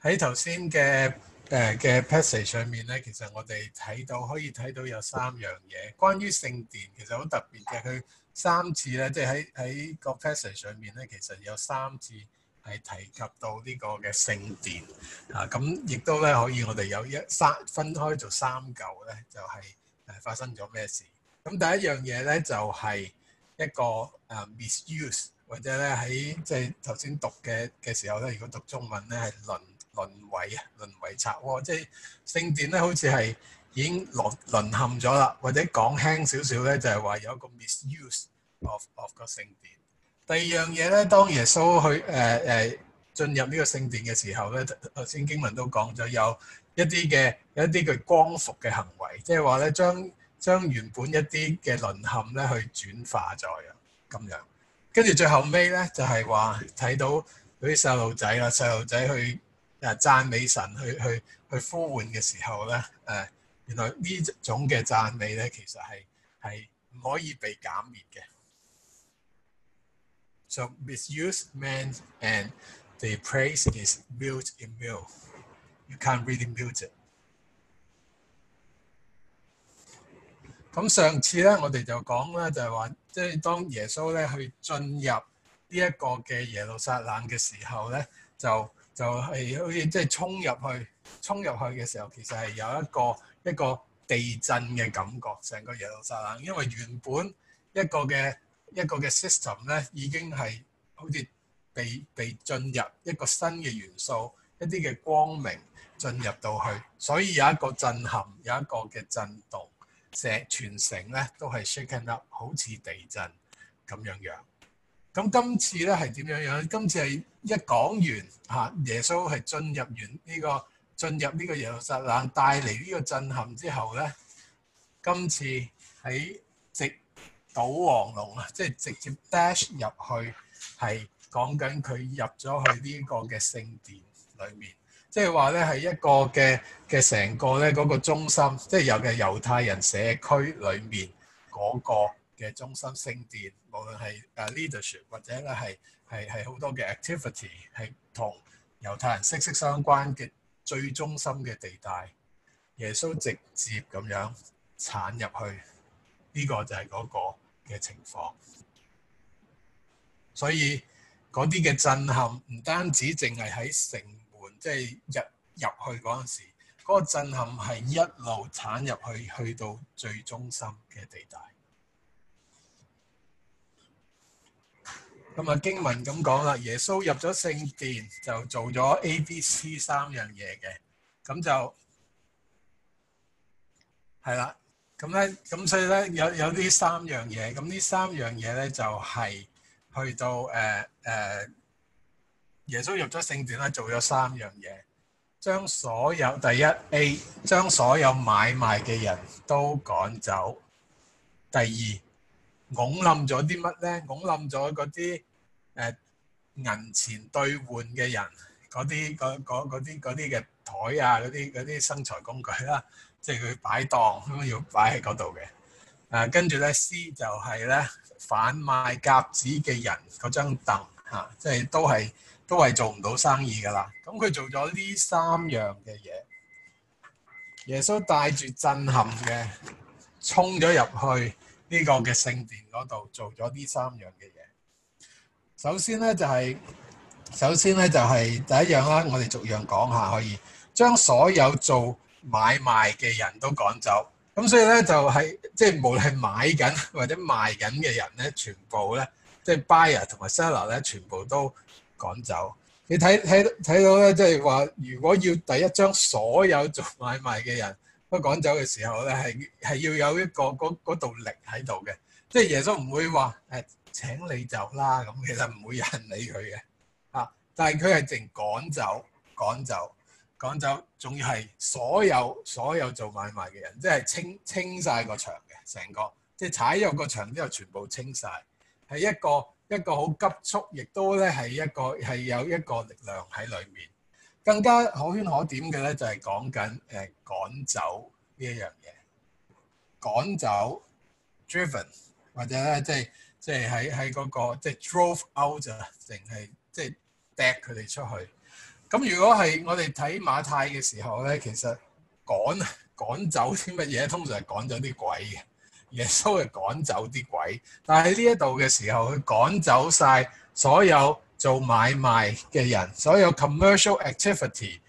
喺頭先嘅誒嘅 passage 上面咧，其實我哋睇到可以睇到有三樣嘢。關於聖殿其實好特別嘅，佢三次咧，即係喺喺個 passage 上面咧，其實有三次係提及到呢個嘅聖殿啊。咁亦都咧可以，我哋有一三分開做三嚿咧，就係誒發生咗咩事。咁第一樣嘢咧就係一個誒 misuse，或者咧喺即係頭先讀嘅嘅時候咧，如果讀中文咧係論。淪為啊，淪為賊窩，即係聖殿咧，好似係已經淪淪陷咗啦，或者講輕少少咧，就係話有一個 misuse of of 個聖殿。第二樣嘢咧，當耶穌去誒誒、呃、進入呢個聖殿嘅時候咧，頭先經文都講咗有一啲嘅有一啲嘅光復嘅行為，即係話咧將將原本一啲嘅淪陷咧去轉化咗啊咁樣。跟住最後尾咧就係話睇到嗰啲細路仔啦，細路仔去。誒讚美神去去去呼喚嘅時候咧，誒、呃、原來呢種嘅讚美咧，其實係係唔可以被減滅嘅。So misuse man and the praise is built inbuilt. You can't really built、really、it。咁上次咧，我哋就講啦，就係話，即係當耶穌咧去進入呢一個嘅耶路撒冷嘅時候咧，就。就係好似即係衝入去，衝入去嘅時候，其實係有一個一個地震嘅感覺，成個耶路撒冷。因為原本一個嘅一個嘅 system 咧，已經係好似被被進入一個新嘅元素，一啲嘅光明進入到去，所以有一個震撼，有一個嘅震動，成全城咧都係 shaking up，好似地震咁樣樣。咁今次咧係點樣樣？今次係。一講完嚇，耶穌係進入完呢、這個進入呢個耶路撒冷，帶嚟呢個震撼之後咧，今次喺直搗黃龍啊，即、就、係、是、直接 dash 入去，係講緊佢入咗去呢個嘅聖殿裏面，即係話咧係一個嘅嘅成個咧嗰個中心，即、就、係、是、有嘅猶太人社區裏面嗰個嘅中心聖殿，無論係啊 leadership 或者咧係。係係好多嘅 activity 係同猶太人息息相關嘅最中心嘅地帶，耶穌直接咁樣剷入去，呢個就係嗰個嘅情況。所以嗰啲嘅震撼唔單止淨係喺城門即係入入去嗰陣時，嗰個震撼係一路剷入去，去到最中心嘅地帶。咁啊經文咁講啦，耶穌入咗聖殿就做咗 A、B、C 三樣嘢嘅，咁就係啦。咁咧，咁所以咧有有啲三樣嘢，咁呢三樣嘢咧就係去到誒誒，耶穌入咗聖殿咧做咗三樣嘢，將所有第一 A 將所有買賣嘅人都趕走。第二，拱冧咗啲乜咧？拱冧咗嗰啲。誒，銀錢兌換嘅人嗰啲、嗰啲、嗰啲嘅台啊，嗰啲、嗰啲生財工具啦、啊，即係佢擺檔，咁要擺喺嗰度嘅。啊，跟住咧，司就係咧販賣鴿子嘅人嗰張凳吓，即係都係都係做唔到生意噶啦。咁佢做咗呢三樣嘅嘢，耶穌帶住震撼嘅衝咗入去呢個嘅聖殿嗰度，做咗呢三樣嘅嘢。首先咧，就係，首先咧，就係第一樣啦。我哋逐樣講下可以，將所有做買賣嘅人都趕走。咁所以咧，就係，即係無論係買緊或者賣緊嘅人咧，全部咧，即係 buyer 同埋 seller 咧，全部都趕走。你睇睇睇到咧，即係話如果要第一張所有做買賣嘅人都趕走嘅時候咧，係係要有一個嗰嗰度力喺度嘅。即係耶穌唔會話誒。請你走啦！咁其實唔會有人理佢嘅，啊！但係佢係淨趕走、趕走、趕走，仲要係所有所有做買賣嘅人，即係清清晒個場嘅，成個即係踩咗個場之後，全部清晒。係一個一個好急促，亦都咧係一個係有一個力量喺裏面。更加可圈可點嘅咧，就係講緊誒趕走呢一樣嘢，趕走，趕走 driven 或者咧即係。就是那個、即係喺喺嗰個即係 drove out 啊，定係即係掟佢哋出去。咁如果係我哋睇馬太嘅時候咧，其實趕趕走啲乜嘢，通常係趕走啲鬼嘅。耶穌係趕走啲鬼，但係呢一度嘅時候，佢趕走晒所有做買賣嘅人，所有 commercial activity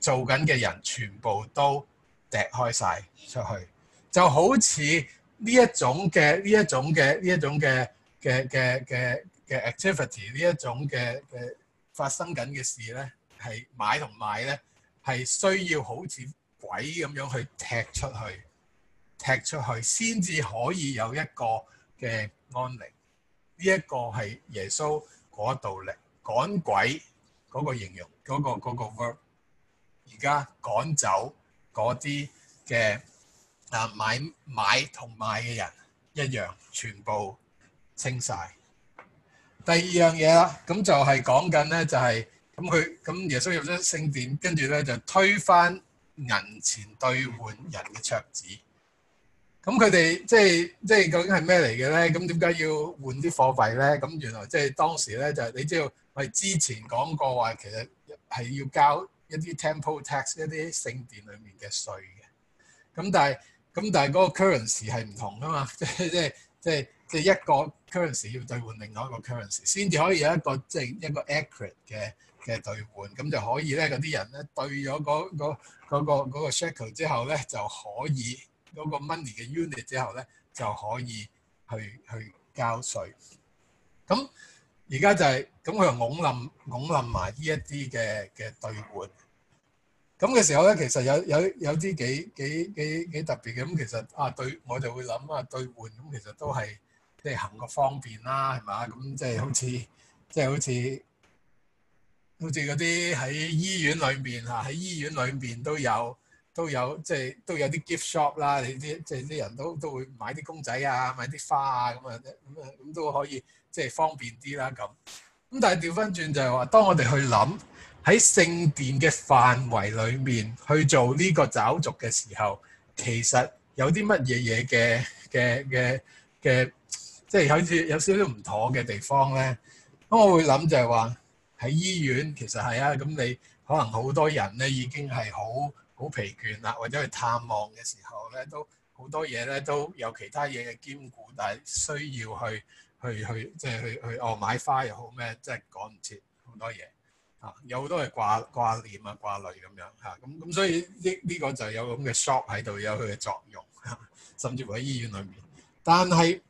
做緊嘅人，全部都掟開晒出去，就好似呢一種嘅呢一種嘅呢一種嘅。嘅嘅嘅嘅 activity 呢一種嘅嘅發生緊嘅事咧，係買同賣咧，係需要好似鬼咁樣去踢出去，踢出去先至可以有一個嘅安寧。呢一個係耶穌嗰度嚟趕鬼嗰個形容嗰個嗰個 word，而家趕走嗰啲嘅嗱買買同賣嘅人一樣，全部。清晒第二樣嘢啦，咁就係講緊咧，就係咁佢咁耶穌入咗聖殿，跟住咧就推翻銀錢兌換人嘅桌子。咁佢哋即係即係究竟係咩嚟嘅咧？咁點解要換啲貨幣咧？咁原來即係當時咧就係，你知道，我之前講過話，其實係要交一啲 temple tax 一啲聖殿裡面嘅稅嘅。咁但係咁但係嗰個 currency 係唔同噶嘛？即係即係即係即係一個。currency 要兌換另外一個 currency 先至可以有一個即係，就是，一個 accurate 嘅嘅兌換，咁就可以咧嗰啲人咧兌咗嗰嗰嗰個嗰，那個，那個那個，shackle 之後咧就可以嗰，那個 money 嘅 unit 之後咧就可以去去交稅。咁而家就係咁佢又拱冧拱冧埋呢一啲嘅嘅兌換，咁嘅時候咧其實有有有啲幾幾幾幾特別嘅咁其實啊兌我就會諗啊兌換咁其實都係。即係行個方便啦，係嘛？咁即係好似，即係好似，好似嗰啲喺醫院裏面嚇，喺醫院裏面都有，都有，即係都有啲 gift shop 啦。你啲即係啲人都都會買啲公仔啊，買啲花啊咁啊，咁啊，咁都可以即係方便啲啦。咁咁，但係調翻轉就係話，當我哋去諗喺聖殿嘅範圍裏面去做呢個找續嘅時候，其實有啲乜嘢嘢嘅嘅嘅嘅。即係好似有少少唔妥嘅地方咧，咁我會諗就係話喺醫院其實係啊，咁你可能好多人咧已經係好好疲倦啦，或者去探望嘅時候咧，都好多嘢咧都有其他嘢嘅兼顧，但係需要去去去即係去去哦買花又好咩，即係講唔切好多嘢嚇，有好多係掛掛念啊掛慮咁樣嚇，咁咁所以呢呢個就有咁嘅 shop 喺度，有佢嘅作用，甚至乎喺醫院裏面，但係。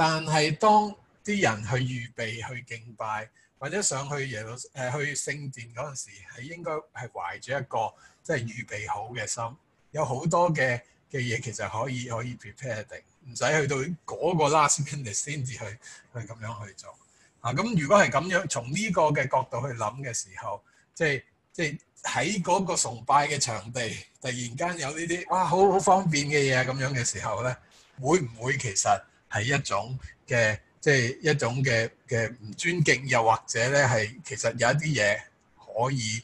但係當啲人去預備去敬拜，或者上去耶路、呃、去聖殿嗰陣時，係應該係懷住一個即係預備好嘅心，有好多嘅嘅嘢其實可以可以 prepare 定，唔使去到嗰個 last minute 先至去去咁樣去做。啊，咁如果係咁樣，從呢個嘅角度去諗嘅時候，即係即係喺嗰個崇拜嘅場地，突然間有呢啲哇好好方便嘅嘢咁樣嘅時候咧，會唔會其實？係一種嘅，即係一種嘅嘅唔尊敬，又或者咧係其實有一啲嘢可以，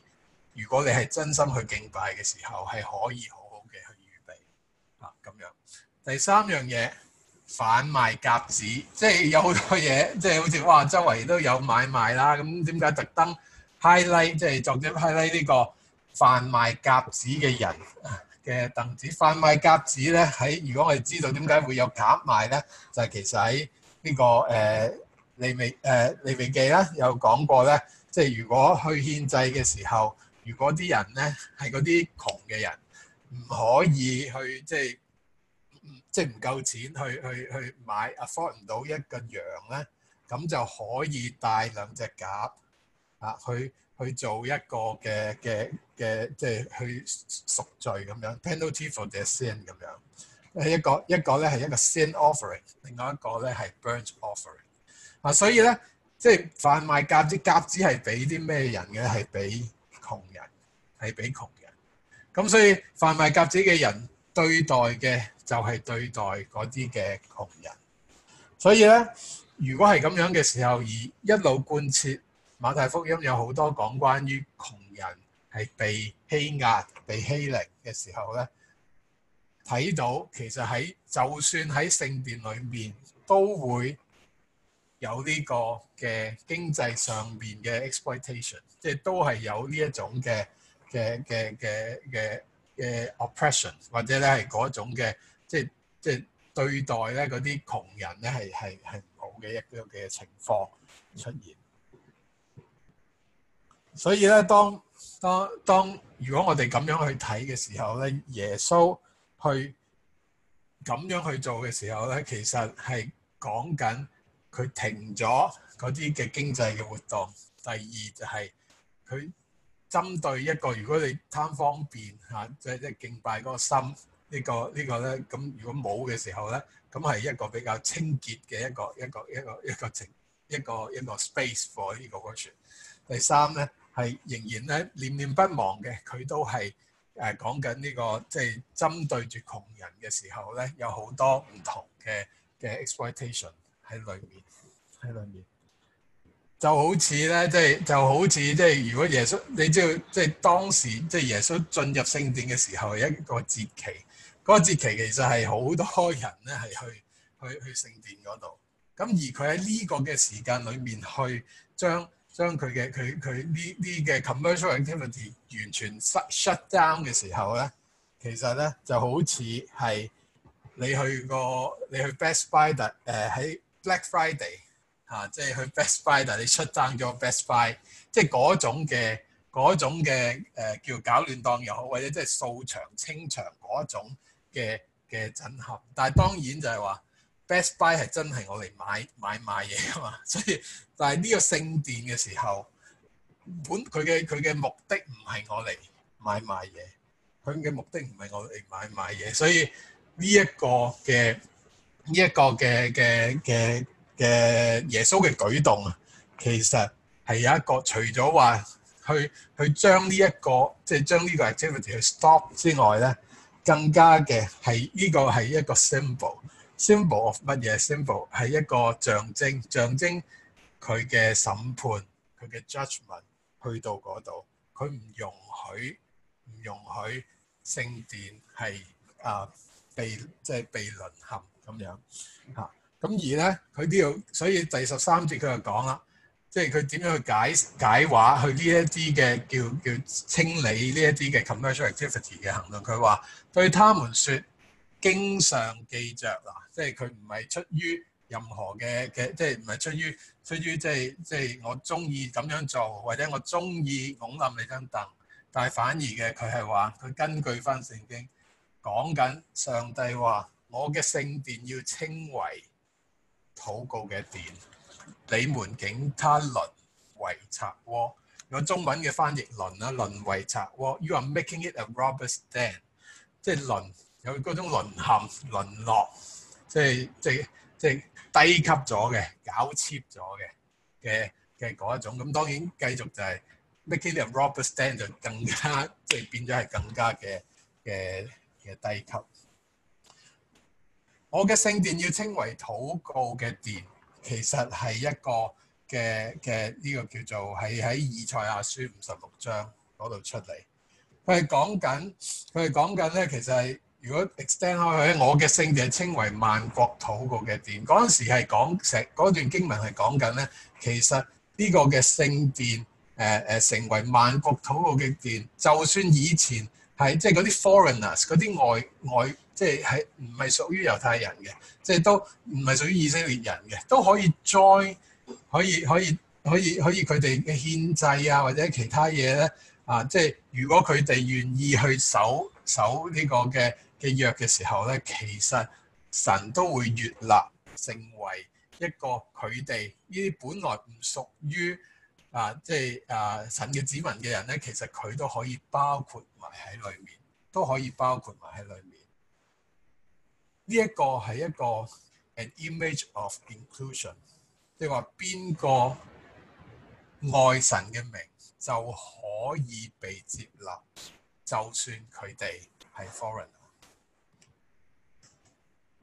如果你係真心去敬拜嘅時候，係可以好好嘅去預備啊咁樣。第三樣嘢販賣鴿子，即係有好多嘢，即係好似話周圍都有買賣啦。咁點解特登 highlight 即係作咗 highlight 呢個販賣鴿子嘅人？嘅凳子販賣鴿子咧，喺如果我哋知道點解會有鴿賣咧，就係、是、其實喺呢、這個誒《利、呃、未誒利、呃、未記》啦，有講過咧，即係如果去獻祭嘅時候，如果啲人咧係嗰啲窮嘅人，唔可以去即係即係唔夠錢去去去買 afford 唔到一個羊咧，咁就可以帶兩隻鴿啊去去做一個嘅嘅。嘅即係去贖罪咁樣，penalty for the sin 咁樣。誒一個一個咧係一個 sin offering，另外一個咧係 burnt offering。啊，所以咧即係販賣鴿子，鴿子係俾啲咩人嘅？係俾窮人，係俾窮人。咁、嗯、所以販賣鴿子嘅人對待嘅就係對待嗰啲嘅窮人。所以咧，如果係咁樣嘅時候，而一路貫徹馬太福音有好多講關於窮。係被欺壓、被欺凌嘅時候咧，睇到其實喺就算喺聖殿裏面都會有呢個嘅經濟上面嘅 exploitation，即係都係有呢一種嘅嘅嘅嘅嘅嘅 oppression，或者咧係嗰種嘅即係即係對待咧嗰啲窮人咧係係係唔好嘅一樣嘅情況出現。所以咧，當當當如果我哋咁樣去睇嘅時候咧，耶穌去咁樣去做嘅時候咧，其實係講緊佢停咗嗰啲嘅經濟嘅活動。第二就係佢針對一個，如果你貪方便吓，即係即係敬拜嗰個心呢，這個這個呢個咧，咁如果冇嘅時候咧，咁係一個比較清潔嘅一個一個一個一個情一個一個一個一個一個 space for 呢個 question。第三咧。係仍然咧念念不忘嘅，佢都係誒講緊呢個即係針對住窮人嘅時候咧，有 好多唔同嘅嘅 exploitation 喺裏面喺裏面。就好似咧，即係就好似即係，如果耶穌你知道，即係當時即係耶穌進入聖殿嘅時候係一個節期，嗰個節期其實係好多人咧係去去去聖殿嗰度。咁而佢喺呢個嘅時間裏面去將。將佢嘅佢佢呢啲嘅 commercial activity 完全 shut down 嘅時候咧，其實咧就好似係你去個你去 Best Buy 特誒喺 Black Friday 嚇、啊，即、就、係、是、去 Best Buy 特，你出爭咗 Best Buy，即係嗰種嘅嗰種嘅誒、呃、叫搞亂檔又好，或者即係掃場清場嗰種嘅嘅震撼。但係當然就係話。Best Buy 係真係我嚟買買買嘢啊嘛，所以但係呢個聖殿嘅時候，本佢嘅佢嘅目的唔係我嚟買賣嘢，佢嘅目的唔係我嚟買買嘢，所以呢一個嘅呢一個嘅嘅嘅嘅耶穌嘅舉動啊，其實係有一個除咗話去去將呢一個即係將呢個 activity 去 stop 之外咧，更加嘅係呢個係一個 symbol。symbol of 乜嘢 symbol 係一個象徵，象徵佢嘅審判，佢嘅 judgment 去到嗰度，佢唔容許，唔容許聖殿係啊被即係、就是、被淪陷咁樣嚇。咁、啊、而咧，佢都要，所以第十三節佢就講啦，即係佢點樣去解解話去呢一啲嘅叫叫清理呢一啲嘅 commercial activity 嘅行動。佢話對他們說。經常記着嗱，即係佢唔係出於任何嘅嘅，即係唔係出於出於即係即係我中意咁樣做，或者我中意拱冧你張凳。但係反而嘅佢係話，佢根據翻聖經講緊上帝話：我嘅聖殿要稱為禱告嘅殿。你們竟他淪為賊窩，用中文嘅翻譯淪啊淪為賊窩。You are making it a robber's den，即係淪。有嗰種淪陷、淪落，即係即係即係低級咗嘅、搞 cheap 咗嘅嘅嘅嗰一種。咁當然繼續就係 making it a robbers' den 就更加即係、就是、變咗係更加嘅嘅嘅低級。我嘅聖殿要稱為禱告嘅殿，其實係一個嘅嘅呢個叫做係喺以賽亞書五十六章嗰度出嚟。佢係講緊佢係講緊咧，其實係。如果 extend 開去咧，我嘅聖殿稱為萬國土國嘅殿。嗰陣時係講成嗰段經文係講緊咧，其實呢個嘅聖殿誒誒、呃呃、成為萬國土國嘅殿，就算以前係即係嗰啲 foreigners 嗰啲外外即係係唔係屬於猶太人嘅，即係都唔係屬於以色列人嘅，都可以 join 可以可以可以可以佢哋嘅獻祭啊或者其他嘢咧啊！即係如果佢哋願意去守守呢、這個嘅。嘅約嘅時候咧，其實神都會越立成為一個佢哋呢啲本來唔屬於啊，即係啊神嘅子民嘅人咧，其實佢都可以包括埋喺裡面，都可以包括埋喺裡面。呢、這、一個係一個 an image of inclusion，即係話邊個愛神嘅名就可以被接納，就算佢哋係 foreigner。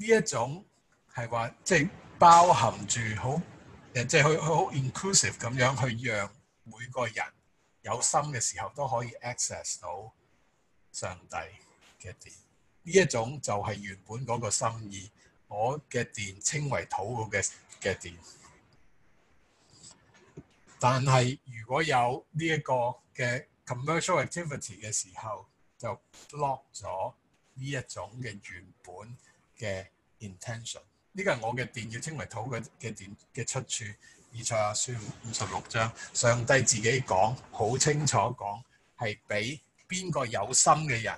呢一種係話，即係包含住好，誒，即係好，好 inclusive 咁樣去讓每個人有心嘅時候都可以 access 到上帝嘅殿。呢一種就係原本嗰個心意，我嘅殿稱為禱告嘅殿。但係如果有呢一個嘅 commercial activity 嘅時候，就 lock 咗呢一種嘅原本嘅 intention，呢個係我嘅殿要稱為禱告嘅殿嘅出處，以賽亞書五十六章，上帝自己講好清楚講，係俾邊個有心嘅人，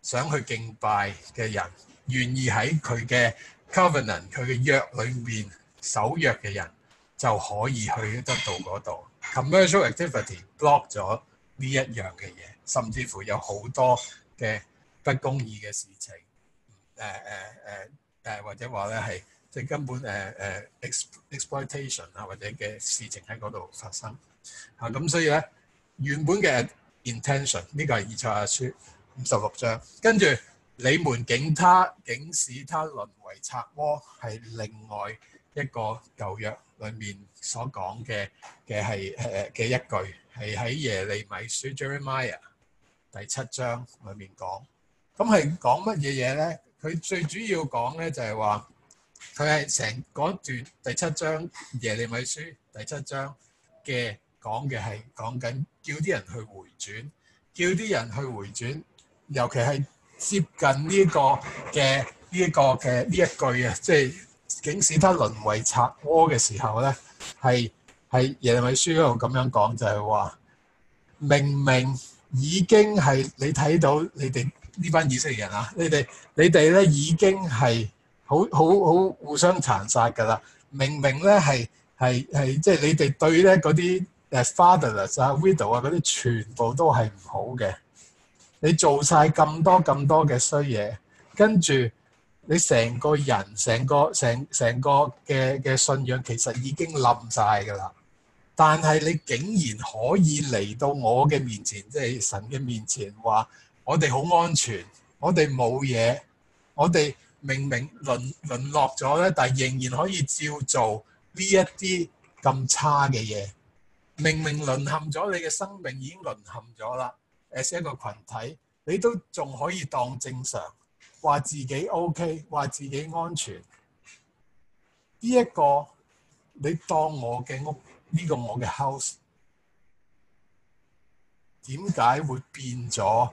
想去敬拜嘅人，願意喺佢嘅 covenant 佢嘅約裏面守約嘅人，就可以去得到嗰度。Commercial activity block 咗呢一樣嘅嘢，甚至乎有好多嘅不公義嘅事情。誒誒誒誒，或者話咧，係即係根本誒誒 exploitation 啊，或者嘅事情喺嗰度發生嚇，咁，所以咧，原本嘅 intention 呢個係以賽亞書五十六章，跟住你們警他警使他淪為賊窩，係另外一個舊約裏面所講嘅嘅係誒嘅一句係喺耶利米書 Jeremiah 第七章裏面講，咁係講乜嘢嘢咧？佢最主要講咧就係話，佢係成嗰段第七章耶利米書第七章嘅講嘅係講緊叫啲人去回轉，叫啲人去回轉，尤其係接近呢個嘅呢一個嘅呢一句啊，即係警示他淪為賊窩嘅時候咧，係係耶利米書嗰度咁樣講就係話，明明已經係你睇到你哋。呢班以色列人啊，你哋你哋咧已經係好好好互相殘殺㗎啦！明明咧係係係，即係、就是、你哋對咧嗰啲誒 fatherless 啊、widow 啊嗰啲，全部都係唔好嘅。你做晒咁多咁多嘅衰嘢，跟住你成個人、成個、成成個嘅嘅信仰，其實已經冧晒㗎啦。但係你竟然可以嚟到我嘅面前，即係神嘅面前話。我哋好安全，我哋冇嘢，我哋明明淪淪落咗咧，但係仍然可以照做呢一啲咁差嘅嘢。明明淪陷咗，你嘅生命已經淪陷咗啦。as 一個群體，你都仲可以當正常，話自己 OK，話自己安全。呢一個你當我嘅屋，呢個我嘅 house，點解會變咗？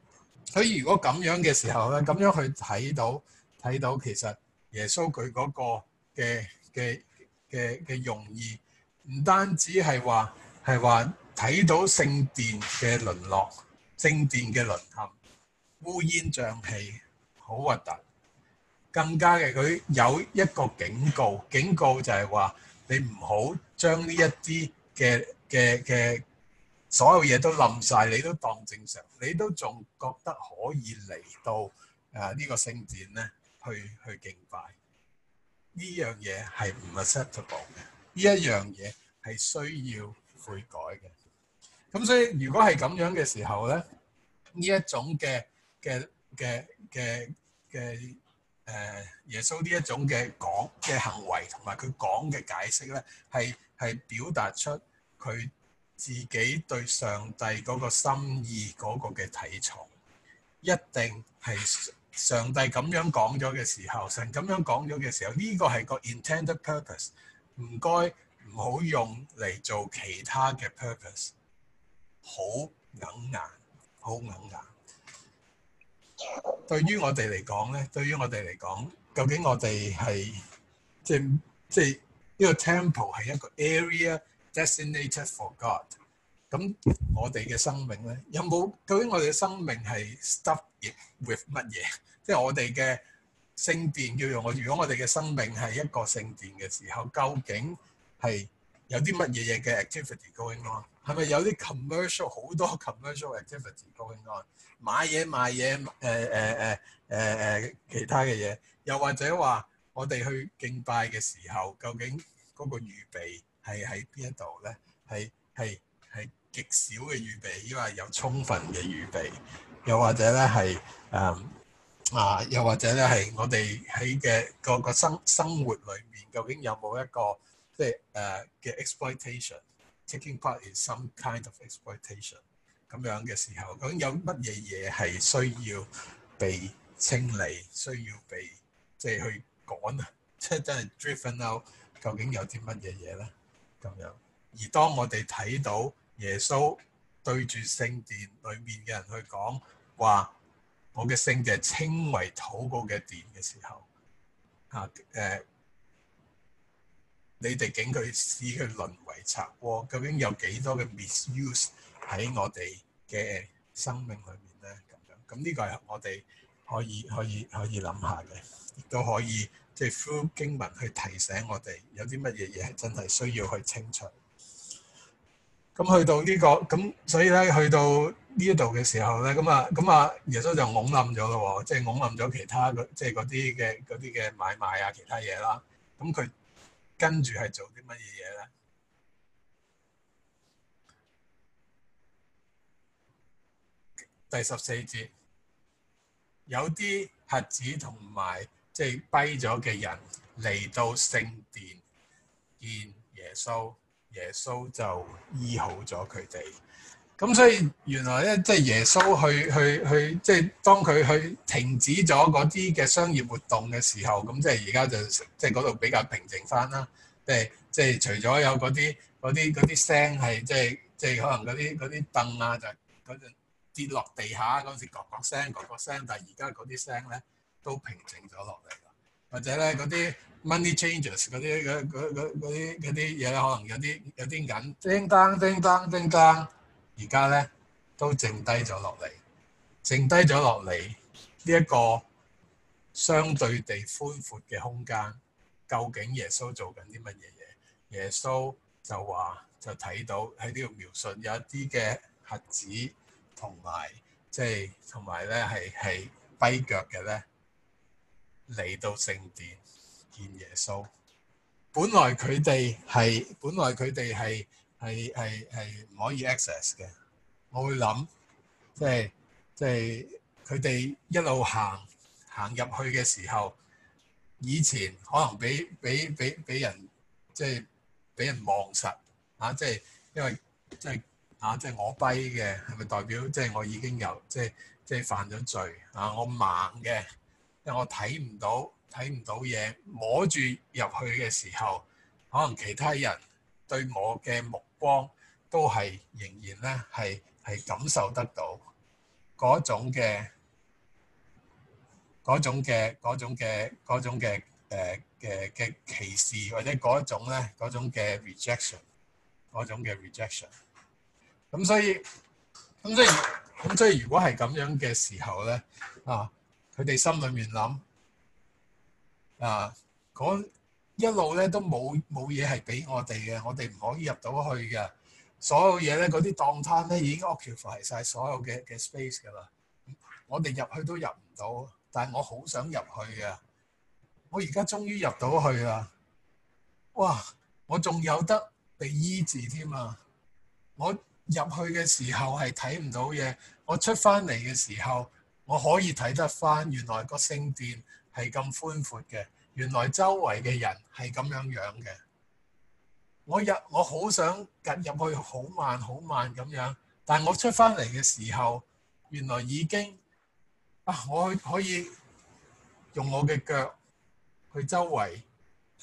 佢如果咁樣嘅時候咧，咁樣去睇到睇到其實耶穌佢嗰個嘅嘅嘅嘅用意，唔單止係話係話睇到聖殿嘅淪落、聖殿嘅淪陷、烏煙瘴氣，好核突，更加嘅佢有一個警告，警告就係話你唔好將呢一啲嘅嘅嘅。所有嘢都冧曬，你都當正常，你都仲覺得可以嚟到誒呢個聖殿咧，去去敬拜呢樣嘢係唔 acceptable 嘅，呢一樣嘢係需要悔改嘅。咁所以如果係咁樣嘅時候咧，呢一種嘅嘅嘅嘅嘅誒耶穌呢一種嘅講嘅行為同埋佢講嘅解釋咧，係係表達出佢。自己對上帝嗰個心意嗰個嘅體重，一定係上帝咁樣講咗嘅時候，神咁樣講咗嘅時候，呢個係個 intended purpose，唔該唔好用嚟做其他嘅 purpose。好硬硬，好硬硬。對於我哋嚟講咧，對於我哋嚟講，究竟我哋係即即呢個 temple 係一個 area。Destinated for God。咁我哋嘅生命咧，有冇？究竟我哋嘅生命係 stuck with 乜嘢？即係我哋嘅聖殿要用。如果我哋嘅生命係一個聖殿嘅時候，究竟係有啲乜嘢嘢嘅 activity going on？係咪有啲 commercial，好多 commercial activity going on？買嘢賣嘢，誒誒誒誒誒其他嘅嘢，又或者話我哋去敬拜嘅時候，究竟嗰個預備？係喺邊一度咧？係係係極少嘅預備，抑或有充分嘅預備？又或者咧係誒啊？又或者咧係我哋喺嘅個個生生活裏面，究竟有冇一個即係誒、uh, 嘅 exploitation，taking part in some kind of exploitation 咁樣嘅時候，究竟有乜嘢嘢係需要被清理、需要被即係去趕啊？即係真係 driven out，究竟有啲乜嘢嘢咧？咁樣，而當我哋睇到耶穌對住聖殿裏面嘅人去講話，我嘅聖殿稱為禱告嘅殿嘅時候，啊誒、呃，你哋竟佢使佢淪為賊窩，究竟有幾多嘅 misuse 喺我哋嘅生命裏面咧？咁樣，咁呢、嗯這個係我哋可以可以可以諗下嘅，亦都可以，可以可以想想即係 full 經文去提醒我哋有啲乜嘢嘢係真係需要去清除。咁去到呢個咁，所以咧去到呢一度嘅時候咧，咁啊咁啊，耶穌就懵冧咗咯，即係懵冧咗其他嘅，即係嗰啲嘅嗰啲嘅買賣啊，其他嘢啦。咁佢跟住係做啲乜嘢嘢咧？第十四節有啲核子同埋。即係跛咗嘅人嚟到聖殿見耶穌，耶穌就醫好咗佢哋。咁所以原來咧，即係耶穌去去去，即係當佢去停止咗嗰啲嘅商業活動嘅時候，咁即係而家就即係嗰度比較平靜翻啦。即係即係除咗有嗰啲嗰啲啲聲係，即係即係可能嗰啲嗰啲凳啊就嗰陣跌落地下嗰時咯咯聲咯咯聲，但係而家嗰啲聲咧。都平靜咗落嚟啦，或者咧嗰啲 money changers 嗰啲嗰啲啲嘢咧，可能有啲有啲緊，叮叮，叮叮叮叮叮叮，而家咧都靜低咗落嚟，靜低咗落嚟呢一個相對地寬闊嘅空間，究竟耶穌做緊啲乜嘢嘢？耶穌就話就睇到喺呢度描述有一啲嘅瞎子同埋即係同埋咧係係跛腳嘅咧。嚟到聖殿見耶穌，本來佢哋係本來佢哋係係係係唔可以 access 嘅。我會諗，即係即係佢哋一路行行入去嘅時候，以前可能俾俾俾俾人即係俾人望實啊！即係因為即係啊！即係我跛嘅，係咪代表即係我已經有即係即係犯咗罪啊？我盲嘅。因為我睇唔到，睇唔到嘢，摸住入去嘅時候，可能其他人對我嘅目光都係仍然咧，係係感受得到嗰種嘅嗰種嘅嗰種嘅嗰種嘅誒嘅嘅歧視，或者嗰種咧嗰種嘅 rejection，嗰種嘅 rejection。咁所以咁所以咁所以如果係咁樣嘅時候咧啊～佢哋心裏面諗啊，一路咧都冇冇嘢係俾我哋嘅，我哋唔可以入到去嘅。所有嘢咧，嗰啲檔攤咧已經 occupy 曬所有嘅嘅 space 㗎啦。我哋入去都入唔到，但係我好想入去嘅。我而家終於入到去啦！哇，我仲有得被醫治添啊！我入去嘅時候係睇唔到嘢，我出翻嚟嘅時候，我可以睇得翻，原來個聖殿係咁寬闊嘅，原來周圍嘅人係咁樣樣嘅。我入我好想入去，好慢好慢咁樣，但我出翻嚟嘅時候，原來已經啊，我可以用我嘅腳去周圍，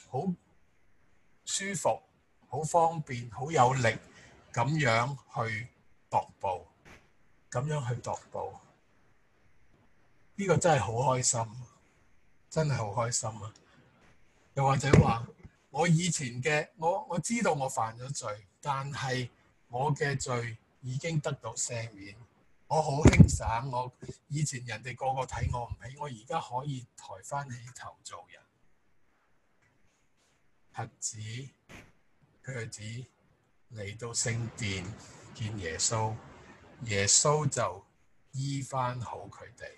好舒服、好方便、好有力咁樣去踱步，咁樣去踱步。呢個真係好開心，真係好開心啊！又或者話，我以前嘅我，我知道我犯咗罪，但係我嘅罪已經得到赦免，我好輕省。我以前人哋個個睇我唔起，我而家可以抬翻起頭做人。核子，佢係指嚟，到聖殿見耶穌，耶穌就醫翻好佢哋。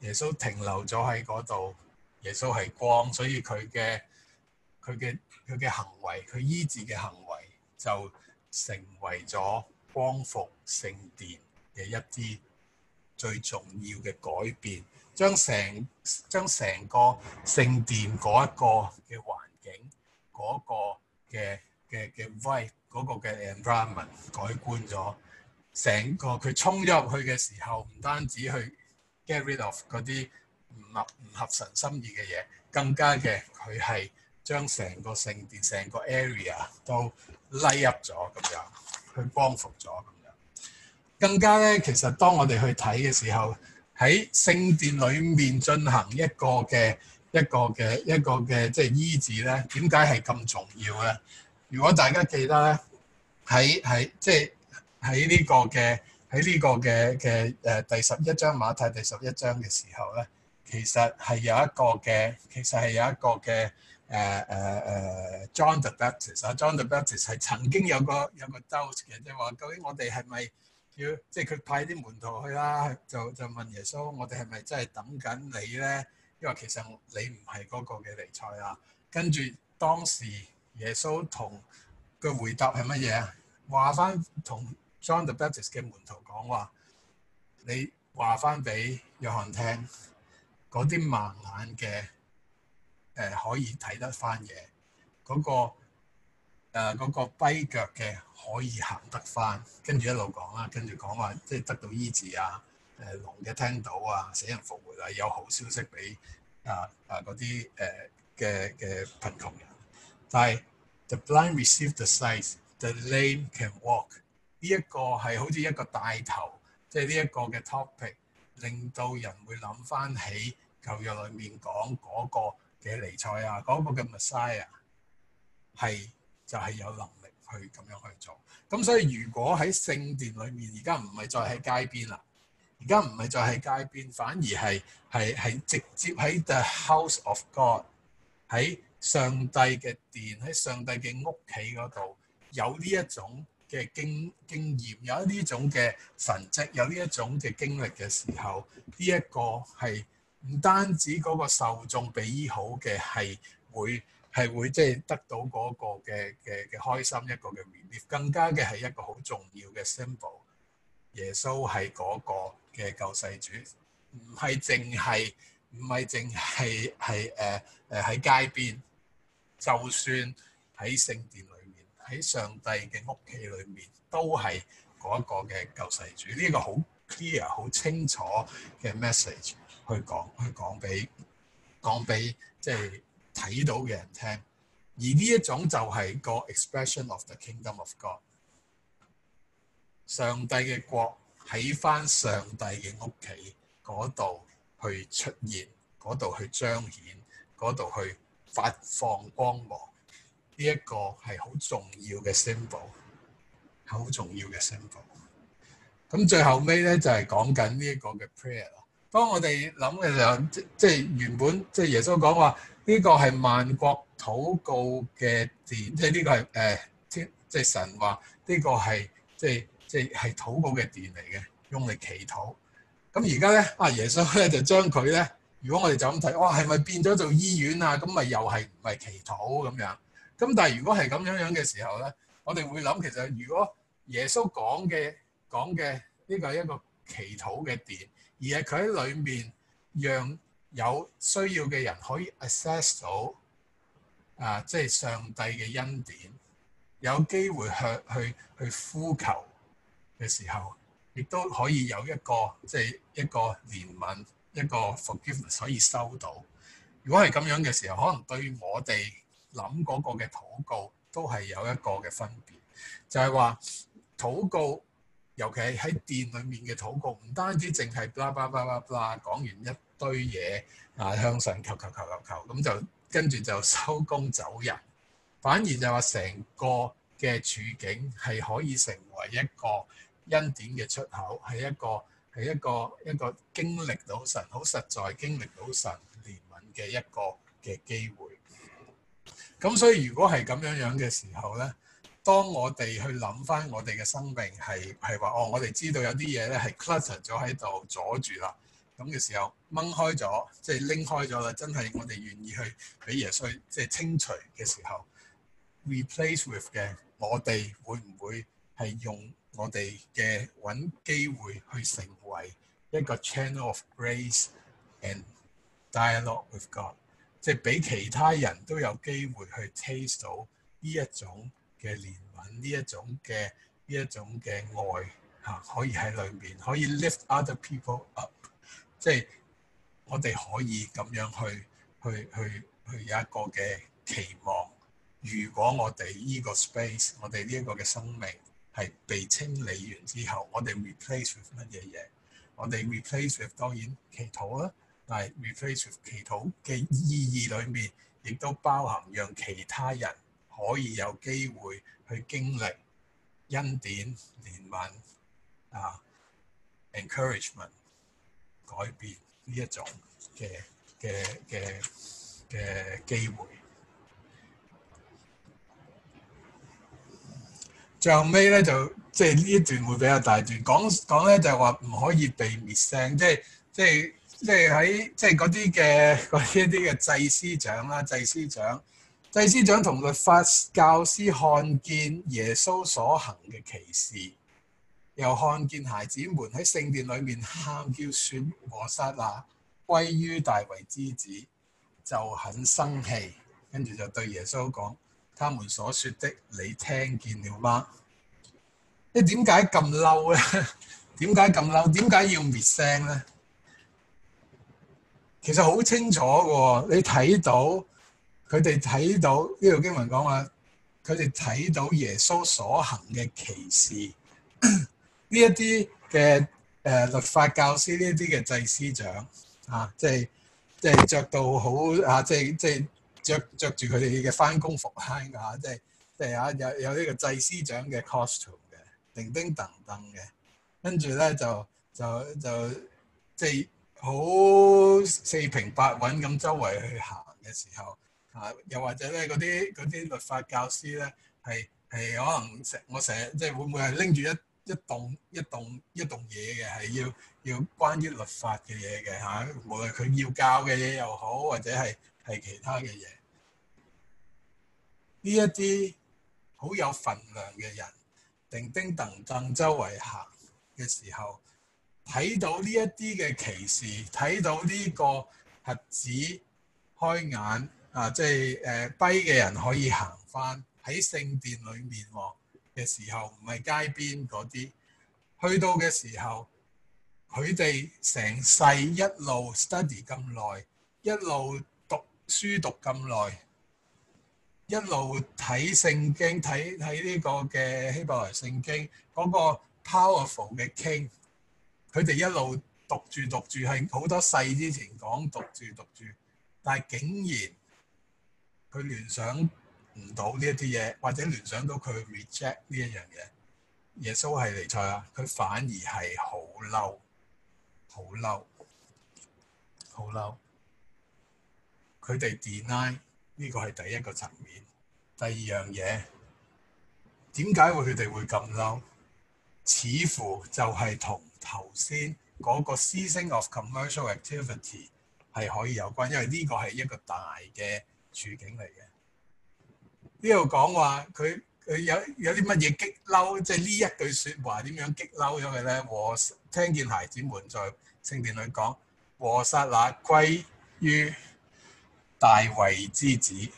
耶穌停留咗喺嗰度，耶穌係光，所以佢嘅佢嘅佢嘅行為，佢醫治嘅行為就成為咗光復聖殿嘅一啲最重要嘅改變，將成將成個聖殿嗰一個嘅環境嗰、嗰個嘅嘅嘅 vibe 嗰個嘅 environment 改觀咗，成個佢衝咗入去嘅時候，唔單止去。get rid of 嗰啲唔合唔合神心意嘅嘢，更加嘅佢係將成個聖殿、成個 area 都拉入咗咁樣，去光復咗咁樣，更加咧，其實當我哋去睇嘅時候，喺聖殿裏面進行一個嘅一個嘅一個嘅即係醫治咧，點解係咁重要咧？如果大家記得咧，喺喺即係喺呢個嘅。喺呢個嘅嘅誒第十一章，馬太第十一章嘅時候咧，其實係有一個嘅，其實係有一個嘅誒誒誒 John the Baptist 啊，John the Baptist 係、uh, 曾經有個有個 dose 嘅，就話究竟我哋係咪要即係佢派啲門徒去啦？就就問耶穌，我哋係咪真係等緊你咧？因為其實你唔係嗰個嘅尼賽啊。跟住當時耶穌同佢回答係乜嘢啊？話翻同。John the Baptist 嘅門徒講話：你話翻俾約翰聽，嗰啲盲眼嘅誒、呃、可以睇得翻嘢，嗰、嗰個誒跛、呃嗰個、腳嘅可以行得翻，跟住一路講啦，跟住講話即係得到醫治啊！誒、呃，聾嘅聽到啊，死人復活啊，有好消息俾啊啊嗰啲誒嘅嘅貧窮人。但係 The blind receive the sight, the lame can walk. 呢一個係好似一個帶頭，即係呢一個嘅 topic，令到人會諗翻起舊約裏面講嗰個嘅尼賽亞，講、嗰個嘅 Messiah 係就係、係、有能力去咁樣去做。咁所以如果喺聖殿裏面，而家唔係再喺街邊啦，而家唔係再喺街邊，反而係係係直接喺 The House of God，喺上帝嘅殿，喺上帝嘅屋企嗰度有呢一種。嘅經經驗有呢種嘅神蹟有呢一種嘅經歷嘅時候，呢一個係唔單止個受眾比醫好嘅，係會係會即係得到個嘅嘅嘅開心，一個嘅 release 更加嘅係一個好重要嘅 symbol。耶穌係個嘅救世主，唔係淨係唔係淨係係誒誒喺街邊就算喺聖殿。喺上帝嘅屋企裏面，都係嗰一個嘅救世主。呢、這個好 clear、好清楚嘅 message 去講去講俾講俾即係睇到嘅人聽，而呢一種就係個 expression of the kingdom of God。上帝嘅國喺翻上帝嘅屋企度去出現，度去彰顯，度去發放光芒。呢一個係好重要嘅 symbol，係好重要嘅 symbol。咁最後尾咧就係講緊呢一個嘅 prayer。當我哋諗嘅時候即即係原本即係耶穌講話呢、這個係萬國禱告嘅殿，即係呢個係誒、呃、即、這個、即係神話呢個係即即係禱告嘅殿嚟嘅，用嚟祈禱。咁而家咧啊，耶穌咧就將佢咧，如果我哋就咁睇，哇，係咪變咗做醫院啊？咁咪又係唔係祈禱咁樣？咁但係如果係咁樣樣嘅時候咧，我哋會諗其實如果耶穌講嘅講嘅呢個係一個祈禱嘅殿，而係佢喺裡面讓有需要嘅人可以 access 到啊，即係上帝嘅恩典，有機會去去去呼求嘅時候，亦都可以有一個即係一個憐憫一個 forgiveness 可以收到。如果係咁樣嘅時候，可能對我哋。諗嗰個嘅禱告都係有一個嘅分別，就係話禱告，尤其喺店裏面嘅禱告，唔單止淨係 blah blah blah blah blah 講完一堆嘢啊，向上求求求求求求，咁就跟住就收工走人。反而就話成個嘅處境係可以成為一個恩典嘅出口，係一個係一個一個,一個經歷到神好實在經歷到神憐憫嘅一個嘅機會。咁所以如果係咁樣樣嘅時候咧，當我哋去諗翻我哋嘅生命係係話，哦，我哋知道有啲嘢咧係 clutter 咗喺度阻住啦。咁嘅時候掹開咗，即係拎開咗啦。真係我哋願意去俾耶穌即係清除嘅時候，replace with 嘅我哋會唔會係用我哋嘅揾機會去成為一個 channel of grace and dialogue with God？即係俾其他人都有機會去 taste 到呢一種嘅憐憫，呢一種嘅呢一種嘅愛嚇，啊，可以喺裏面可以 lift other people up。即係我哋可以咁樣去去去去有一個嘅期望。如果我哋呢個 space，我哋呢一個嘅生命係被清理完之後，我哋 replace with 乜嘢嘢？我哋 replace with 當然祈禱啦。係，reface 祈禱嘅意義裏面，亦都包含讓其他人可以有機會去經歷恩典、憐憫啊、uh, encouragement、改變呢一種嘅嘅嘅嘅機會。最後尾咧就即係呢一段會比較大段講講咧，就係話唔可以被 missing 滅聲，即係即係。即係喺即係嗰啲嘅啲一啲嘅祭司長啦，祭司長、祭司長同律法教師看見耶穌所行嘅奇事，又看見孩子們喺聖殿裏面喊叫，選和散那歸於大衞之子，就很生氣，跟住就對耶穌講：他們所說的，你聽見了嗎？你點解咁嬲咧？點解咁嬲？點解要滅聲咧？其實好清楚嘅，你睇到佢哋睇到呢度經文講話，佢哋睇到耶穌所行嘅奇事。呢一啲嘅誒律法教師，呢一啲嘅祭司長啊，即係即係著到好啊，即係即係著著住佢哋嘅返工服啊，咁、就、啊、是，即係即係有有有呢個祭司長嘅 costume 嘅，叮叮噔噔嘅，跟住咧就就就即係。就是好四平八穩咁周圍去行嘅時候，嚇、啊、又或者咧嗰啲嗰啲律法教師咧，係係可能成我成日即係會唔會係拎住一一棟一棟一棟嘢嘅，係要要關於律法嘅嘢嘅嚇，無論佢要教嘅嘢又好，或者係係其他嘅嘢，呢一啲好有份量嘅人，定叮噔噔周圍行嘅時候。睇到呢一啲嘅歧視，睇到呢個核子開眼啊，即係誒跛嘅人可以行翻喺聖殿裏面嘅、哦、時候，唔係街邊嗰啲去到嘅時候，佢哋成世一路 study 咁耐，一路讀書讀咁耐，一路睇聖經睇睇呢個嘅希伯來聖經嗰個 powerful 嘅 king。佢哋一路讀住讀住，係好多世之前講讀住讀住，但係竟然佢聯想唔到呢一啲嘢，或者聯想到佢 reject 呢一樣嘢。耶穌係尼賽啦，佢反而係好嬲，好嬲，好嬲。佢哋 deny 呢個係第一個層面，第二樣嘢點解會佢哋會咁嬲？似乎就係同頭先嗰個 season of commercial activity 係可以有關，因為呢個係一個大嘅處境嚟嘅。呢度講話，佢佢有有啲乜嘢激嬲，即係呢一句說話點樣激嬲咗佢咧？和聽見孩子們在聖殿裏講和散那歸於大衛之子，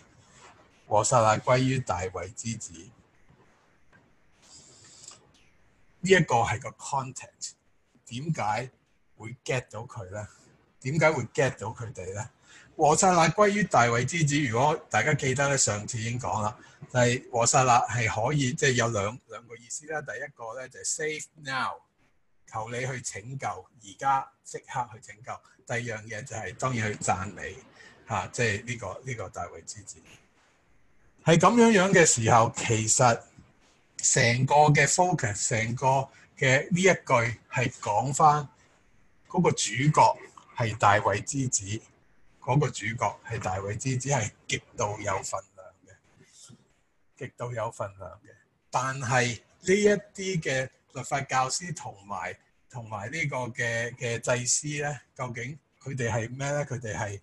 和散那歸於大衛之子。呢一個係個 content，點解會 get 到佢咧？點解會 get 到佢哋咧？和散那歸於大衞之子，如果大家記得咧，上次已經講啦。第、就係、和散那係可以即係、就係、有兩兩個意思啦。第一個咧就係 save now，求你去拯救，而家即刻去拯救。第二樣嘢就係當然去讚你，嚇、啊，即係呢個呢、呢個大衞之子。係咁樣樣嘅時候，其實。成個嘅 focus，成個嘅呢一句係講翻嗰個主角係大衛之子，嗰、嗰個主角係大衛之子係極度有份量嘅，極度有份量嘅。但係呢一啲嘅律法教師同埋同埋呢個嘅嘅祭司咧，究竟佢哋係咩咧？佢哋係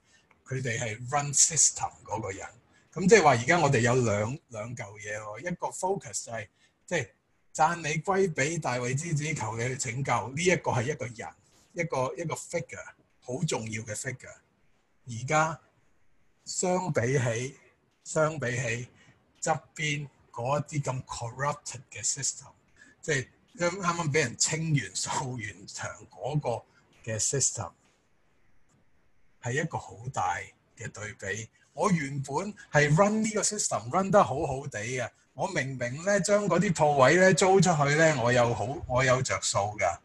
佢哋係 run system 嗰個人。咁即係話，而家我哋有兩兩嚿嘢喎，一個 focus 係、就係。即係讚你歸俾大衛之子，求你去拯救。呢一個係一個人，一個一個 figure，好重要嘅 figure。而家相比起，相比起側邊嗰啲咁 corrupted 嘅 system，即係啱啱啱俾人清完掃完場嗰個嘅 system，係一個好大嘅對比。我原本係 run 呢個 system run 得好好地嘅。我明明咧將嗰啲鋪位咧租出去咧，我有好我有着數㗎，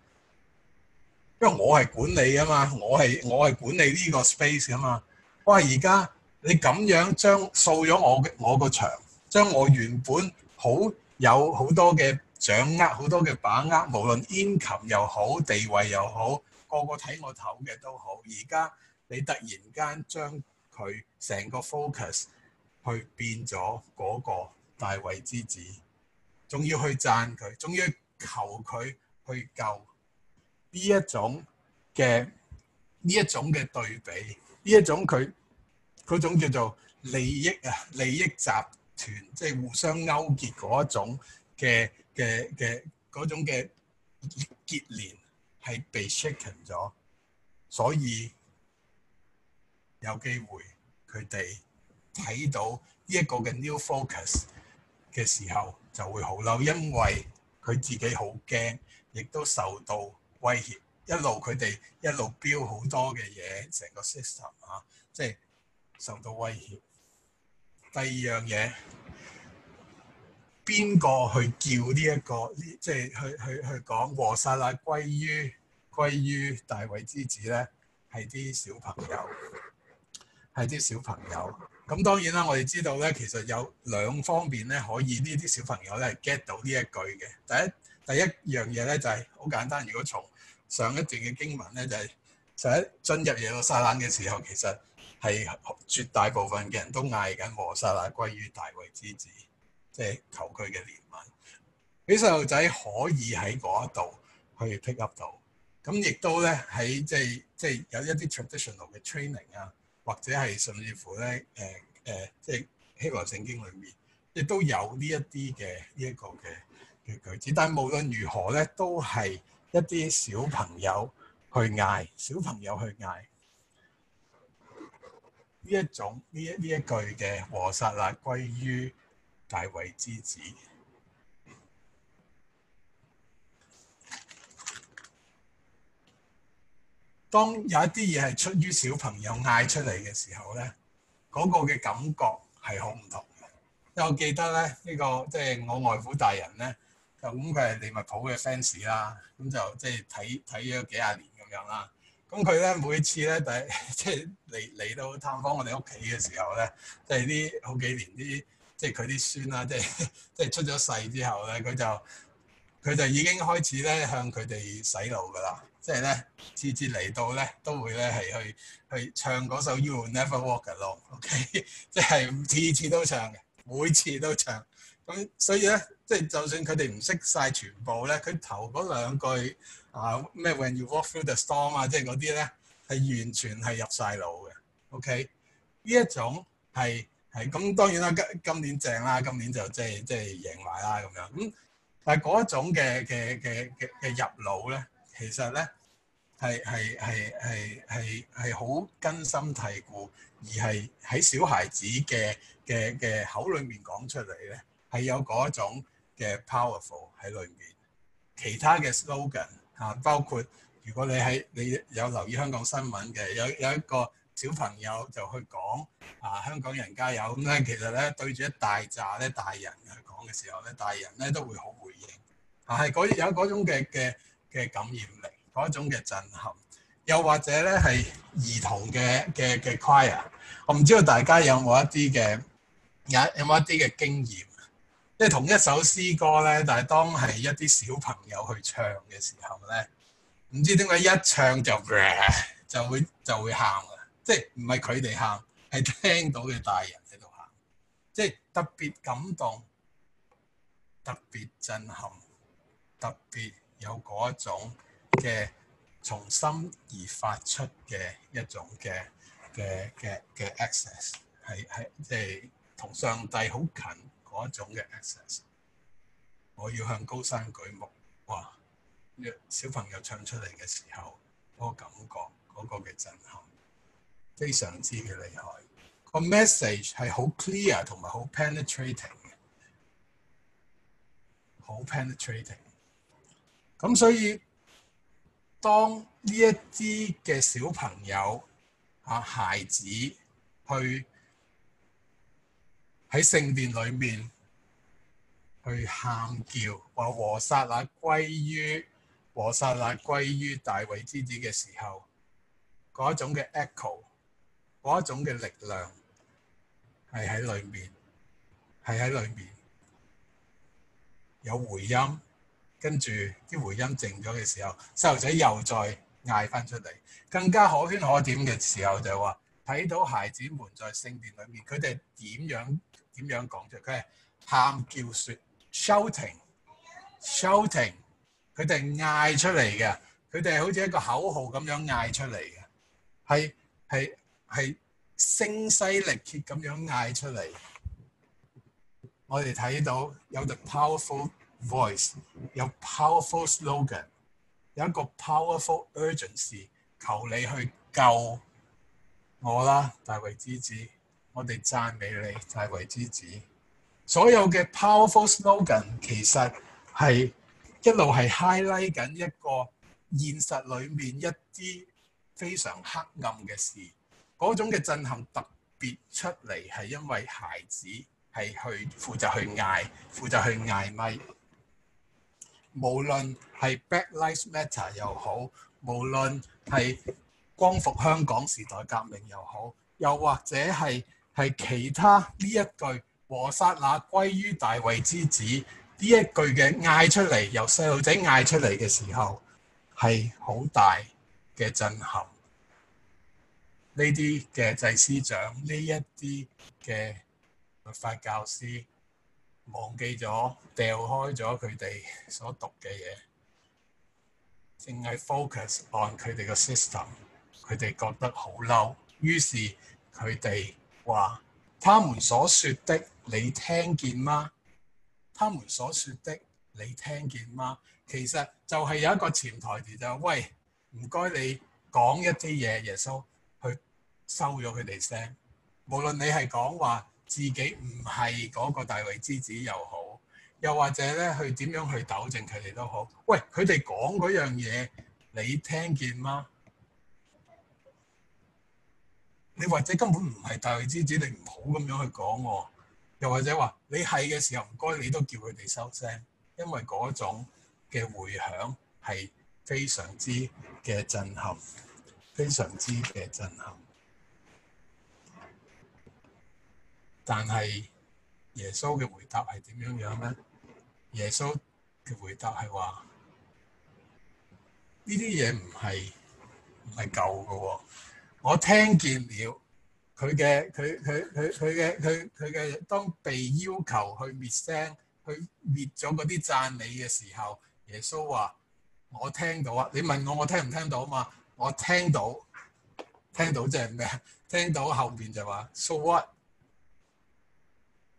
因為我係管理啊嘛，我係我係管理呢個 space 啊嘛。哇！而家你咁樣將掃咗我我個牆，將我原本好有好多嘅掌握、好多嘅把握，無論 income 又好、地位又好，個個睇我頭嘅都好。而家你突然間將佢成個 focus 去變咗嗰、那個。大衛之子，仲要去讚佢，仲要求佢去救呢一種嘅呢一種嘅對比，呢一種佢嗰種叫做利益啊，利益集團即係互相勾結嗰一種嘅嘅嘅嗰種嘅結連係被 shaken 咗，所以有機會佢哋睇到呢一個嘅 new focus。嘅時候就會好嬲，因為佢自己好驚，亦都受到威脅。一路佢哋一路標好多嘅嘢，成個 system 啊，即係受到威脅。第二樣嘢，邊個去叫呢、這、一個？呢即係去去去講和散那歸於歸於大衛之子咧？係啲小朋友，係啲小朋友。咁當然啦，我哋知道咧，其實有兩方面咧，可以呢啲小朋友咧 get 到呢一句嘅。第一第一樣嘢咧就係、是、好簡單，如果從上一段嘅經文咧，就係在進入耶路撒冷嘅時候，其實係絕大部分嘅人都嗌緊和散那歸於大衛之子，即、就、係、是、求佢嘅憐憫。啲細路仔可以喺嗰一度去 pick up 到，咁亦都咧喺即係即係有一啲 traditional 嘅 training 啊。或者係甚至乎咧，誒、呃、誒、呃，即係希伯聖經裏面亦都有呢一啲嘅呢一個嘅句子，但無論如何咧，都係一啲小朋友去嗌，小朋友去嗌呢一種呢一呢一句嘅和散那歸於大衛之子。當有一啲嘢係出於小朋友嗌出嚟嘅時候咧，嗰個嘅感覺係好唔同嘅。因為我記得咧，呢個即係我外父大人咧，就咁佢係利物浦嘅 fans 啦，咁就即係睇睇咗幾廿年咁樣啦。咁佢咧每次咧第一即係嚟嚟到探訪我哋屋企嘅時候咧，即係啲好幾年啲即係佢啲孫啦，即係即係出咗世之後咧，佢就佢就已經開始咧向佢哋洗腦㗎啦。即係咧，次次嚟到咧，都會咧係去去唱嗰首《You'll Never Walk Alone》okay？k 即係次次都唱嘅，每次都唱。咁所以咧，即、就、係、係、就算佢哋唔識晒全部咧，佢頭嗰兩句啊咩《uh, When You Walk Through the Storm》啊，即係嗰啲咧係完全係入晒腦嘅。OK，呢一種係係咁，當然啦，今今年正啦，今年就即係即係贏埋啦咁樣。咁但係嗰一種嘅嘅嘅嘅嘅入腦咧。其實咧係係係係係係好根深蒂固，而係喺小孩子嘅嘅嘅口裏面講出嚟咧，係有嗰種嘅 powerful 喺裏面。其他嘅 slogan 啊，包括如果你喺你有留意香港新聞嘅，有有一個小朋友就去講啊，香港人加油咁咧、嗯，其實咧對住一大扎咧大人去講嘅時候咧，大人咧都會好回應，係、啊、嗰有嗰種嘅嘅。嘅感染力，嗰種嘅震撼，又或者咧係兒童嘅嘅嘅 choir，我唔知道大家有冇一啲嘅有有冇一啲嘅經驗，即係同一首詩歌咧，但係當係一啲小朋友去唱嘅時候咧，唔知點解一唱就會就會就會喊嘅，即係唔係佢哋喊，係聽到嘅大人喺度喊，即係特別感動，特別震撼，特別。有嗰一種嘅從心而發出嘅一種嘅嘅嘅嘅 access，係係即係同上帝好近嗰一種嘅 access。我要向高山舉目。哇！小朋友唱出嚟嘅時候，嗰個感覺，嗰個嘅震撼，非常之嘅厲害。個 message 係好 clear 同埋好 penetrating，好 penetrating。咁所以，當呢一啲嘅小朋友啊孩子去喺聖殿裏面去喊叫，話和散那歸於，和散那歸於大衛之子嘅時候，嗰一種嘅 echo，嗰一種嘅力量係喺裏面，係喺裏面有回音。跟住啲回音靜咗嘅時候，細路仔又再嗌返出嚟。更加可圈可點嘅時候就話，睇到孩子們在聖殿裏面，佢哋點樣點樣講出？佢係喊叫説 shouting shouting，佢哋 sh 嗌出嚟嘅，佢哋係好似一個口號咁樣嗌出嚟嘅，係係係聲嘶力竭咁樣嗌出嚟。我哋睇到有隻 powerful。Voice 有 powerful slogan，有一個 powerful urgency，求你去救我啦，大衞之子，我哋讚美你，大衞之子。所有嘅 powerful slogan 其實係一路係 highlight 緊一個現實裏面一啲非常黑暗嘅事，嗰種嘅震撼特別出嚟，係因為孩子係去負責去嗌，負責去嗌咪。無論係 Black Lives Matter 又好，無論係光復香港時代革命又好，又或者係係其他呢一句和撒那歸於大衛之子呢一句嘅嗌出嚟，由細路仔嗌出嚟嘅時候，係好大嘅震撼。呢啲嘅祭司長，呢一啲嘅律法教師。忘記咗，掉開咗佢哋所讀嘅嘢，淨係 focus on 佢哋個 system，佢哋覺得好嬲，於是佢哋話：他們所說的你聽見嗎？他們所說的你聽見嗎？其實就係有一個潛台詞就係：喂，唔該你講一啲嘢，耶穌去收咗佢哋聲，無論你係講話。自己唔係嗰個大衛之子又好，又或者咧，去點樣去糾正佢哋都好。喂，佢哋講嗰樣嘢，你聽見嗎？你或者根本唔係大衛之子，你唔好咁樣去講喎啊。又或者話，你係嘅時候唔該，你都叫佢哋收聲，因為嗰種嘅迴響係非常之嘅震撼，非常之嘅震撼。但係耶穌嘅回答係點樣樣咧？耶穌嘅回答係話：呢啲嘢唔係唔係舊嘅喎。我聽見了佢嘅佢佢佢佢嘅佢佢嘅，當被要求去滅聲，去滅咗嗰啲讚美嘅時候，耶穌話：我聽到啊！你問我，我聽唔聽到啊？嘛，我聽到，聽到即係咩？聽到後面就話：So what？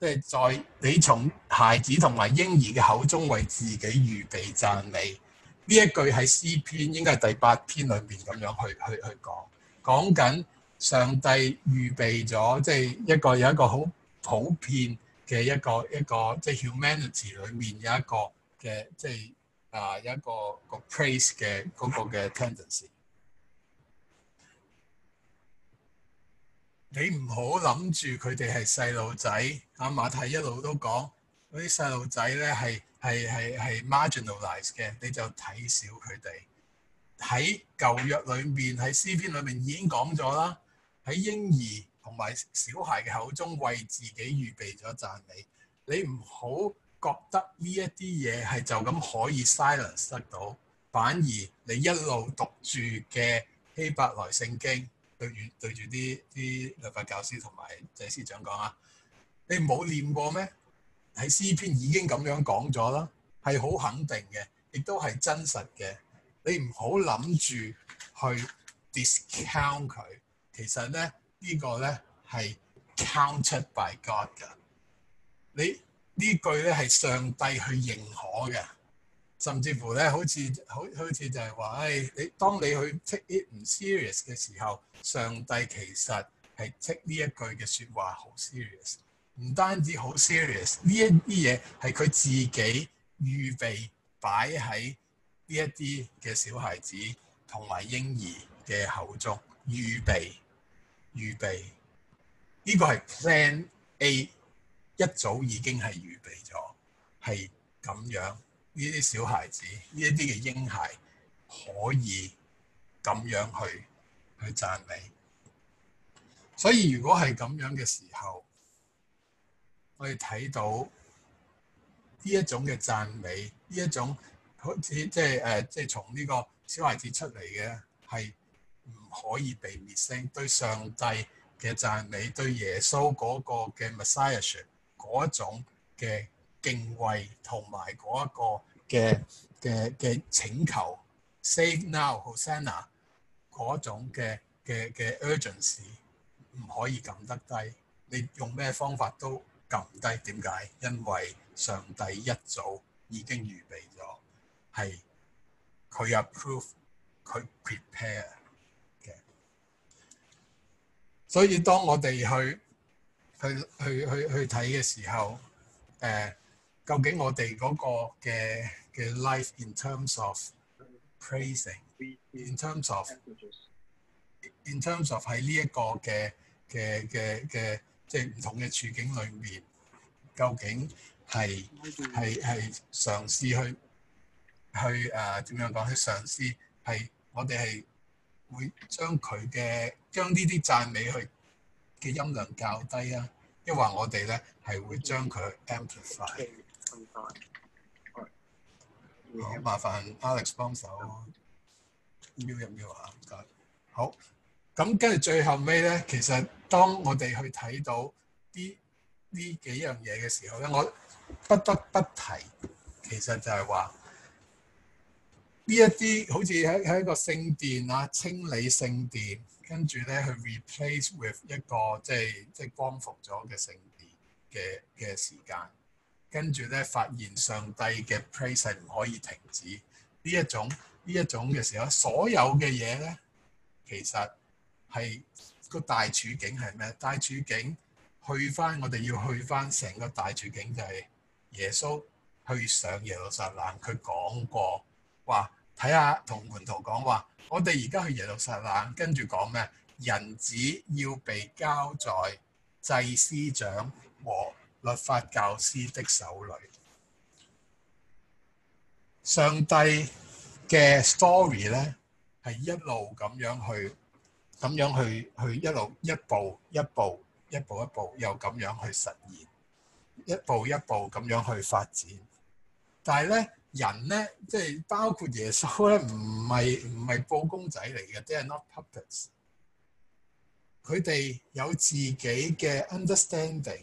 即係在你從孩子同埋嬰兒嘅口中為自己預備讚美呢一句係詩篇，應該係第八篇裏邊咁樣去去去講，講緊上帝預備咗，即係一個有一個好普遍嘅一個一個即係 humanity 裏面有一個嘅即係啊一個一個 praise 嘅嗰個嘅 tendency。那個你唔好諗住佢哋係細路仔，阿馬太一路都講嗰啲細路仔咧係係係 marginalised 嘅，你就睇少佢哋，喺舊約裏面喺詩篇裏面已經講咗啦，喺嬰兒同埋小孩嘅口中為自己預備咗讚美，你唔好覺得呢一啲嘢係就咁可以 silence 得到，反而你一路讀住嘅希伯來聖經。對住對住啲啲律法教師同埋祭司長講啊，你冇念過咩？喺詩篇已經咁樣講咗啦，係好肯定嘅，亦都係真實嘅。你唔好諗住去 discount 佢，其實咧呢、呢個咧係 counted by God 㗎。你句呢句咧係上帝去認可嘅。甚至乎咧，好似好好似就係話，誒，你當你去 take it 唔 serious 嘅時候，上帝其實係 take 呢一句嘅說話好 serious，唔單止好 serious，呢一啲嘢係佢自己預備擺喺呢一啲嘅小孩子同埋嬰兒嘅口中預備預備呢個係 plan A 一早已經係預備咗，係咁樣。呢啲小孩子，呢一啲嘅嬰孩可以咁樣去去讚美，所以如果係咁樣嘅時候，我哋睇到呢一種嘅讚美，呢一種好似即係誒，即係從呢個小孩子出嚟嘅係唔可以被滅聲。對上帝嘅讚美，對耶穌嗰個嘅 Messiah 嗰一種嘅敬畏，同埋嗰一個。嘅嘅嘅請求，Save now，Hosanna，嗰種嘅嘅嘅 urgency 唔可以撳得低，你用咩方法都撳低。點解？因為上帝一早已經預備咗，係佢 approve，佢 prepare 嘅。所以當我哋去去去去去睇嘅時候，誒、呃。究竟我哋嗰個嘅嘅 life in terms of praising，in terms of，in terms of 喺呢一個嘅嘅嘅嘅，即係唔同嘅處境裏面，究竟係係係嘗試去去誒點樣講？去嘗試係我哋係會將佢嘅將呢啲讚美去嘅音量較低啊，抑或我哋咧係會將佢 amplify。好，麻煩 Alex 幫手瞄一瞄啊唔該。好。咁跟住最後尾咧，其實當我哋去睇到呢呢幾樣嘢嘅時候咧，我不得不提，其實就係話呢一啲好似喺喺一個聖殿啊，清理聖殿，跟住咧去 replace with 一個即係即係光復咗嘅聖殿嘅嘅時間。跟住咧，發現上帝嘅 presence 唔可以停止。呢一種呢一種嘅時候，所有嘅嘢咧，其實係個大處境。係咩？大處境？去翻，我哋要去翻成個大處境，就係耶穌去上耶路撒冷。佢講過話，睇下同門徒講話，我哋而家去耶路撒冷，跟住講咩？人子要被交在祭司長和律法教師的手裏，上帝嘅 story 咧係一路咁樣去，咁樣去去一路一步一步一步一步又咁樣去實現，一步一步咁樣去發展。但係咧，人咧，即係包括耶穌咧，唔係唔係布公仔嚟嘅，即係 not puppets，佢哋有自己嘅 understanding。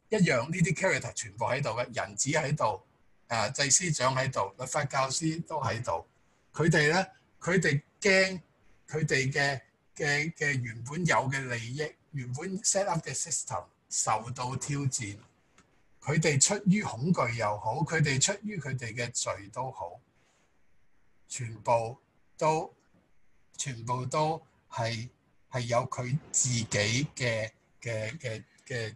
一樣呢啲 character 全部喺度嘅，人子喺度，誒、啊、祭司長喺度，律法教師都喺度。佢哋咧，佢哋驚佢哋嘅嘅嘅原本有嘅利益，原本 set up 嘅 system 受到挑戰。佢哋出於恐懼又好，佢哋出於佢哋嘅罪都好，全部都，全部都係係有佢自己嘅嘅嘅嘅。